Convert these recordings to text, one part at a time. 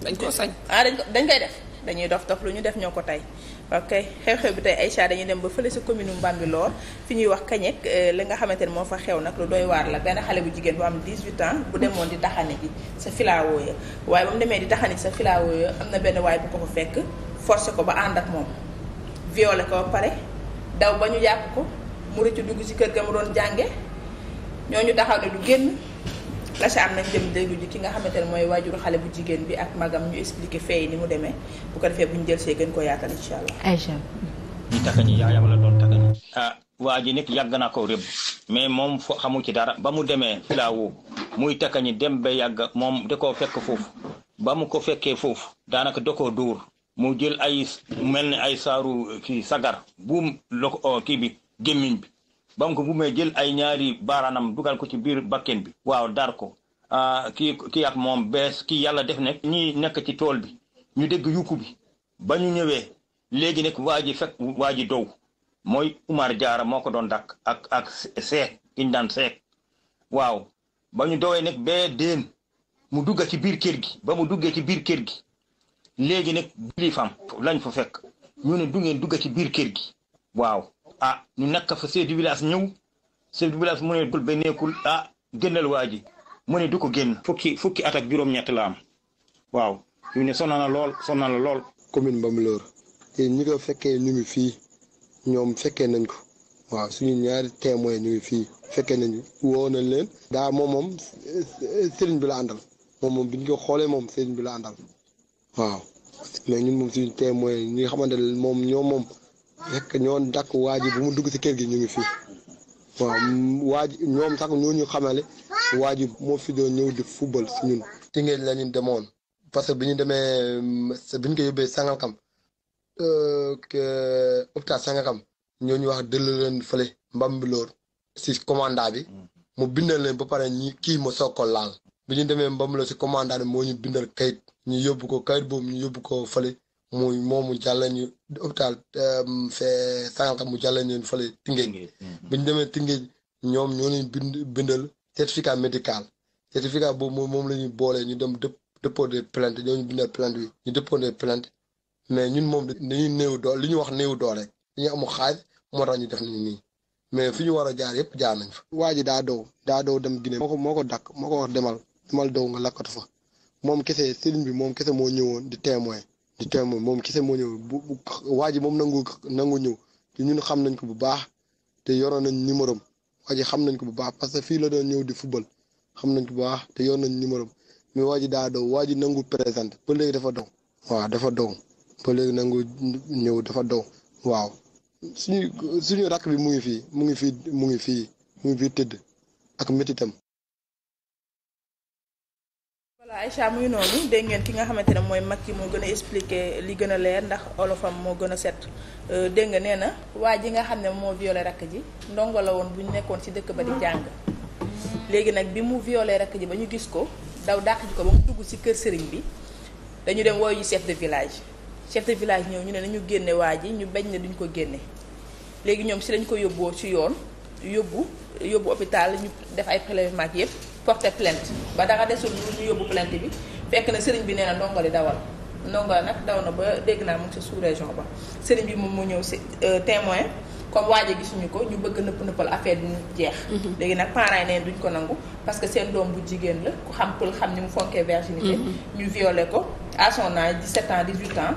dañ ko sañ ah dañ ko dañ koy def dañuy dof dof lu ñu def ñoo ko tey ok xew-xew bi tey Aïcha dañuy dem ba fële sa commune Bambilor fi ñuy wax kañek euh, li nga xamante ne moo fa xew nag lu doy waar la benn xale bu jigéen bu am 18 ans bu demoon di taxani ji sa filawoo ya waaye ba mu demee di taxani ji sa filawoo ya am na benn waay bu ko ko fekk forcé ko ba ànd ak moom violé ko ba pare daw ba ñu yàpp ko mu ci dugg si kër ga mu doon jànge ñooñu taxaw Acha am nañ dem déglu ji ki nga xamante ne mooy waajuru xale bu jigéen bi ak magam ñu expliqué fee ni mu demee bu ko defee bu ñu jël see ko yaatal incha allah. Aïcha. takka ñi yaayam la doon takka ñi. ah waa ji nag yàgg naa ko rëbb mais moom fo xamu ci dara ba mu demee filaawu muy takka ñi dem ba yàgg moom da koo fekk foofu ba mu ko fekkee foofu daanaka da koo dóor mu jël ay mel ni ay saaru eh, kii sagar buum loko oh, kii bi gémmiñ bi ba mu ko buumee jël ay ñaari baaraanam dugal ko ci biir bakken bi waaw dar ko Ah, kii kii moom bees kii yàlla def ne ñi nekk ci tool bi ñu dégg yukku bi ba ñu ñëwee léegi nag waa ji fekk waa ji dow mooy Umar Jaara moo ko doon dakk ak ak seek kiñ daan seek waaw ba ñu dowee nag bee déen mu dugg ci biir kër gi ba mu duggee ci biir kër gi léegi nag fam lañ fa fekk ñu ne du ngeen ci biir kër gi waaw ah ñu nekk fa chef du village ñëw chef du village mu ne dul ba nekkul ah génnal waa ji mu ne du ko génn fukki fukki at ak juróom-ñett la waaw ñu ne sonal lool sonal lool. commune Bambilor te ñi ko fekkee ñu ngi fii ñoom fekkee nañ ko waaw suñu ñaari témoin ñu ngi fii fekkee nañu woo nañ leen. daa moom moom sëriñ bi la àndal moom moom bi ko xoolee moom sëriñ bi la àndal waaw mais ñun moom suñu témoin ñi nga xamante ne moom ñoo moom fekk ñoo dàkk waa ji mu dugg si kër gi ñu ngi fii waaw ñoom sax ñoo ñu xamale. waa ji moo fi doon ñëw di football si ñun Tëngéej la ñun demoon parce que bi ñu demee euh, bi ñu ko yóbbee Sangalkam euh, euh, hôpital Sangalkam ñoo ñu wax dëll leen fële Mbambilor si commanda bi mu bindal leen ba pare ñi kii ma soog ko laal bi ñu demee Mbambilor si commanda bi moo ñu bindal kayit ñu yóbbu ko kayit boobu ñu yóbbu ko fële muy moomu jàll ñu hôpital fee Sangalkam mu jàll ñu fële Tëngéej mhm. bi ñu demee Tëngéej ñoom ñoo ñu bind bindal certificat médical certificat boobu moom la ñuy boolee ñu dem dëpp déposer plainte ñooñu bindal plainte bi ñu déposer plainte mais ñun moom dañuy néew doole li ñu wax néew doole dañu amul xaaj moo tax ñu def ni nii mais fi ñu war a jaar yëpp jaar nañ fa. waa ji daa dow dem Guinée. moo ko moo ko dakk moo ko wax demal demal dow nga fa moom kese sëriñ bi moom kese moo ñëwoon di témoin di témoin moom kese moo ñëw bu waa ji moom nangu nangu ñëw ñun xam nañ ko bu baax te yoroon nañ numéro am waa xam nañ ko bu baax parce que fii la doon ñëw di football xam nañ ko bu baax te yoon nañ numéro mais waa ji daa daw waa ji nangu présenté ba léegi dafa daw waaw dafa daw ba léegi nangu ñëw dafa daw waaw suñu suñu rakk bi mu ngi fii mu ngi fii mu ngi fii mu ngi fii tëdd ak métitam voilà Aïcha muy noonu dégg ngeen ki nga xamante ne mooy mag ki moo gën a expliqué li gën a leer ndax olofam moo gën a set euh, dégg nga nee na waa ji nga xam ne moo violé rakk ji ndongo la woon bu ñu nekkoon ci dëkk ba di jàng léegi nag bi mu violé rakk ji ba ñu gis ko daw dàq ji ko ba mu dugg ci kër sëriñ bi dañu dem wooyu chef de village chef de village ñëw ñu ne nañu génne waa ji ñu bañ ne duñ ko génne léegi ñoom ci lañ ko yóbboo ci yoon yóbbu yóbbu hôpital ñu def ay prélèvement yépp porté plainte ba dara desul lu ñu yóbbu plainte bi fekk na sëriñ bi nee na ndongo li dawal ndongo la nag daw na ba dégg naa mu ngi sa sous région ba sëriñ bi moom mu ñëw si euh, témoin comme waaje gisuñu ko ñu bëgg nëpp nëppal affaire bi ñu jeex mhm. léegi nag parents yi neen duñ ko nangu parce que seen doom bu jigéen la ku xam pël xam ni mu fonkee virginité mhm. ñu violé ko à son âge 17 ans 18 ans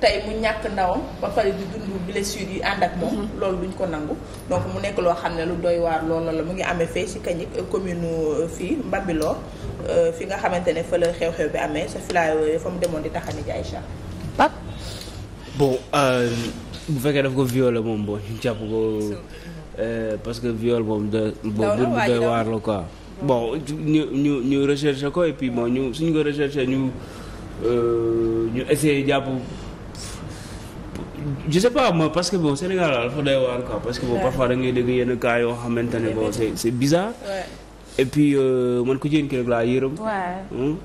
tey mu ñàkk ndawam ba pare di dund blessure yi ànd ak moom. Mhm. loolu duñ ko nangu. donc mu nekk loo xam ne lu doy waar loolu la mu ngi amee fee ci Kagnick euh, commune euh, fii Mbambilor euh, fii nga xamante ne fa la xew-xew bi amee sa filaay fa mu demoon di taxani ji Aïcha. Pape. bon bu fekkee ko violé moom boo ñu parce que viol moom de. boobu bon ñu ñu ñu recherché ko et puis bon ñu suñu jàpp. je sais pas parce que bon Sénégal daal dafa doy waar quoi parce que bon parfois da ngay yenn cas yoo xamante ne bon c'est c'est bizarre. et puis euh, man ko jigéen ki rek laa yërëm.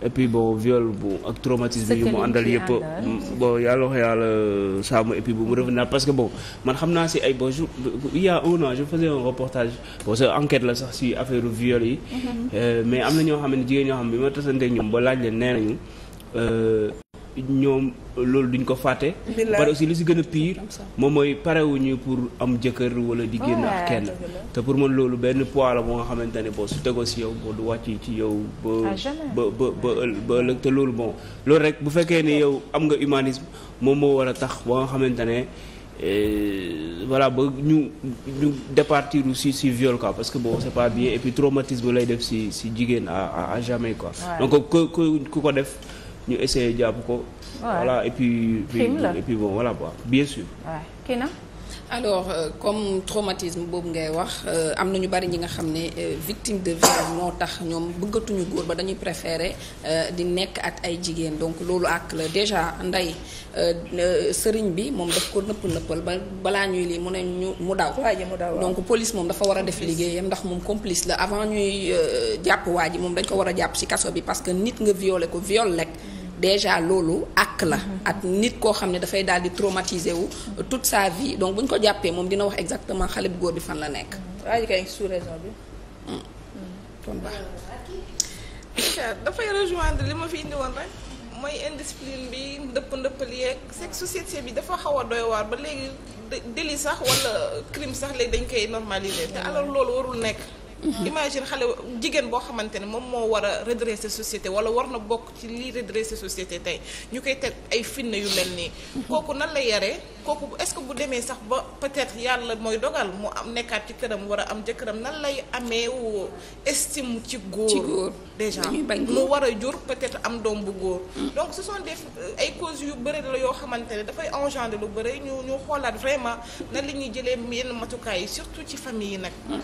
et puis bon viol bu ak traumatisme yu mu àndal yëpp. bon yàlla wax yàlla euh, sàmm et puis bu mu revenir parce que bon man xam naa si ay bon jour il y a un je faisais un reportage bon c'est enquête la sax si affaire viole yi. Mm-hmm. Euh, mais am na ñoo xam ne jigéen ñoo xam bi ma tasanteeg ñoom ba laaj leen nee ñoom loolu duñ ko fàtte. pare aussi li si gën a pire. moom mooy parewuñu pour am jëkkër wala di génn ak ah, kenn. te pour man loolu benn poids la boo nga xamante ne bon su tegoo si yow boo du wàcc ci yow. ba ba ba ba ëllëg te loolu bon. loolu rek bu fekkee ni yow am nga humanisme moom moo war a tax ba nga xamante ne. Et eh, voilà ba ñu ñu départir aussi si viol quoi parce que bon c'est pas bien et puis traumatisme lay def si si jigéen a à quoi. donc ku ku ko def. ñu essayer jàpp ko. voilà et puis. crime la et puis bon voilà quoi bien sûr. waaw kii na. alors euh, comme traumatisme boobu ngay wax euh, am na ñu bari ñi nga xam ne euh, victime de viol moo tax ñoom bëggatuñu góor ba dañuy préférer di nekk ak ay jigéen donc loolu ak la déjà ndey sëriñ bi moom daf ko nëpp nëppal ba balaa ñuy lii mu ne ñu mu daw donc police moom dafa war a def liggéeyam ndax moom complice la avant ñuy jàpp waa ji moom dañ ko war a jàpp ci kaso bi parce que nit nga violé ko viol lekk déjà loolu ak la ak nit koo xam ne dafay daal di traumatiser wu toute sa vie donc bu ñu ko jàppee moom dina wax exactement xale bu góor bi fan la nekk hmm. kon baax dafay rejoindre li ma fi indi mooy indiscipline bi ndëpp ndëppal yeeg sex bi dafa xaw a doy waar ba léegi délit sax walla crime sax léegi dañ koy normaliser te alors loolu warul nekk imagine xale jigéen boo xamante ne moom moo war a redresser société wala war na bokk ci lii redresser société tey ñu koy te ay fitna yu mel nii kooku nan la yaree kooku est-ce que bu demee sax ba peut-être yàlla mooy dogal mu am nekkaat ci këram war a am jëkkëram nan lay amee estime ci góor déjà mu war a jur peut-être am doom bu góor mm. donc ce sont de ay causes yu bëri la yoo xamante ne dafay engendrer lu bëri ñu ñu xoolaat vraiment na la ñuy jëlee yenn matukaay yi surtout ci famille yi nag mm.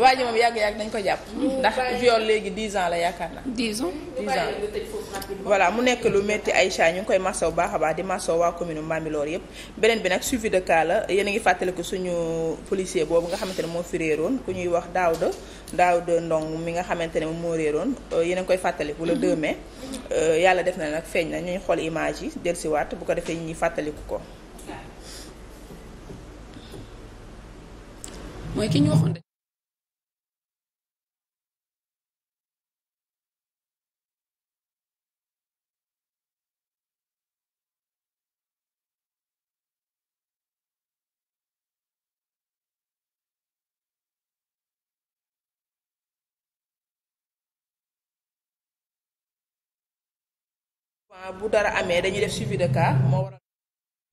waa ji bi yàgg yàgg dañ ko jàpp. ndax viol léegi 10 ans la yaakaar na 10 ans 10 ans mu nekk lu metti ay Aïcha ñu ngi koy masaw baax a baax di masaw waa commune Mbambilor yëpp beneen bi nag suivi de cas la yéen ngi fàttaliku suñu policier boobu nga xamante ne moo fi réeroon ku ñuy wax daaw Daouda Ndong mi nga xamante ne moo réeroon euh, yéen a koy fàttaliku le 2 euh, yàlla def na nag feeñ na ñu xool image yi dellusiwaat bu ko defee ñuy fàttaliku ko. mooy bu dara amee dañuy def suivi de cas moo waral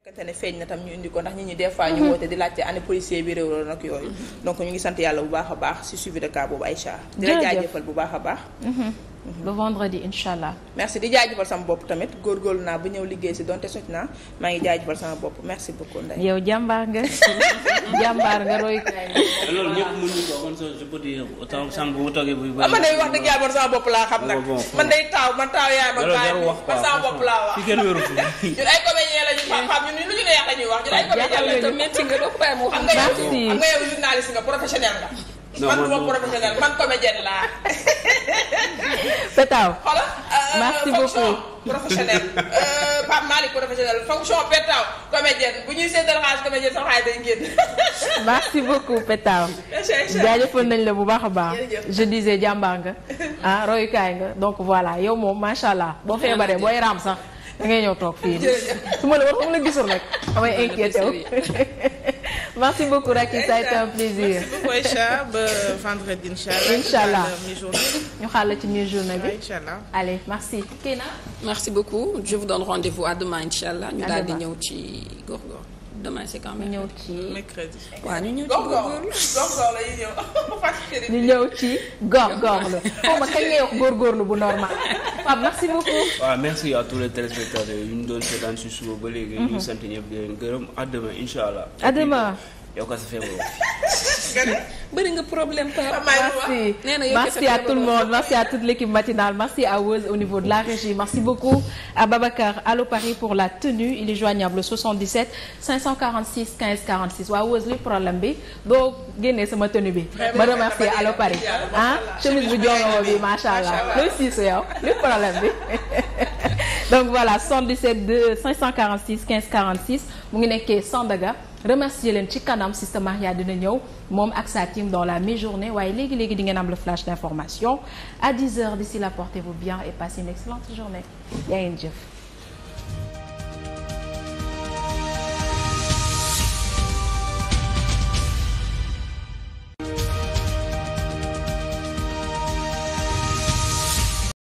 fekkante ne feeñ na tam ñu indi ko ndax ñu ñu des fois ñu mhm. woote di laajte année policier bi réew la nag yooyu mhm. donc ñu ngi sant yàlla bu baax a baax si suivi de cas boobu Aïcha di la bu baax a baax mhm. ba vendredi incha allah. merci di jaajëfal sama bopp tamit góorgóorlu naa bu ñëw liggéey si donte soj naa maa ngi jaajëfal sama bopp merci beaucoup Ndeye. yow jàmbaar nga jàmbaar nga roy. loolu ñëpp mënuñu ko man je peux ah, sama bopp laa xam nag. man day taaw man taaw yaay ma bàyyi man sama bopp laa wax. ñun ay comédien la ñu xam xam lu ñu neex la ñuy wax ñun ay comédien la ñu te métti nga doo ko bàyyi mu xam nga yow xam nga yow journaliste nga professionnel nga man du ma professionnel man euh, euh, nañ la bu baax a baax. je disais jàmbaar nga ah, royukaay nga donc voilà yow moom macha allah boo feebaree booy raam sax da ngay ñëw toog fii. su ma la wax ma la gisul rek damay inquiété merci beaucoup Racky ça a été un plaisir. merci beaucoup Aïcha ba vendredi incha allah. ñu xaar ci mi journée bi. allah allez merci. Kina. merci beaucoup je vous donne rendez à demain incha allah. ñu daal di ñëw ci góorgóorlu. demain c'est quand même. ñëw ci mercredi. ñu ñëw ci góorgóorlu góorgóorlu la ñuy ñëw. ñu ñëw ci góorgóorlu xaw ma kañ ngay wax góorgóorlu bu normal Pape merci beaucoup. waaw merci à tous les téléspectateurs yu ñu doon seetaan si suba ba léegi. ñu sant ñëpp di gërëm à demain incha allah. à demain. sa feebaroo. bëri nga problème par merci merci a tout le monde merci à toute l'équipe matinale merci à Weuz au niveau de la régie merci beaucoup à Babacar Allo Paris pour la tenue il est joignable 77 546 15 46 waaw Weuz luy problème bi doo génnee sama tenue bi ma remercier Allo Paris ah chemise bu jongoo bi macha allah looy siisu yow luy problème bi donc voilà 77 2 546 15 46 mu ngi nekkee Sandaga remercié leen ci kanam Sista Maria dina ñëw moom ak sa team dans la mi-journée waaye léegi léegi di ngeen am le flash d'information à 10 heures d'ici là portez-vous bien et passez une excellente journée yaa ngeen jëf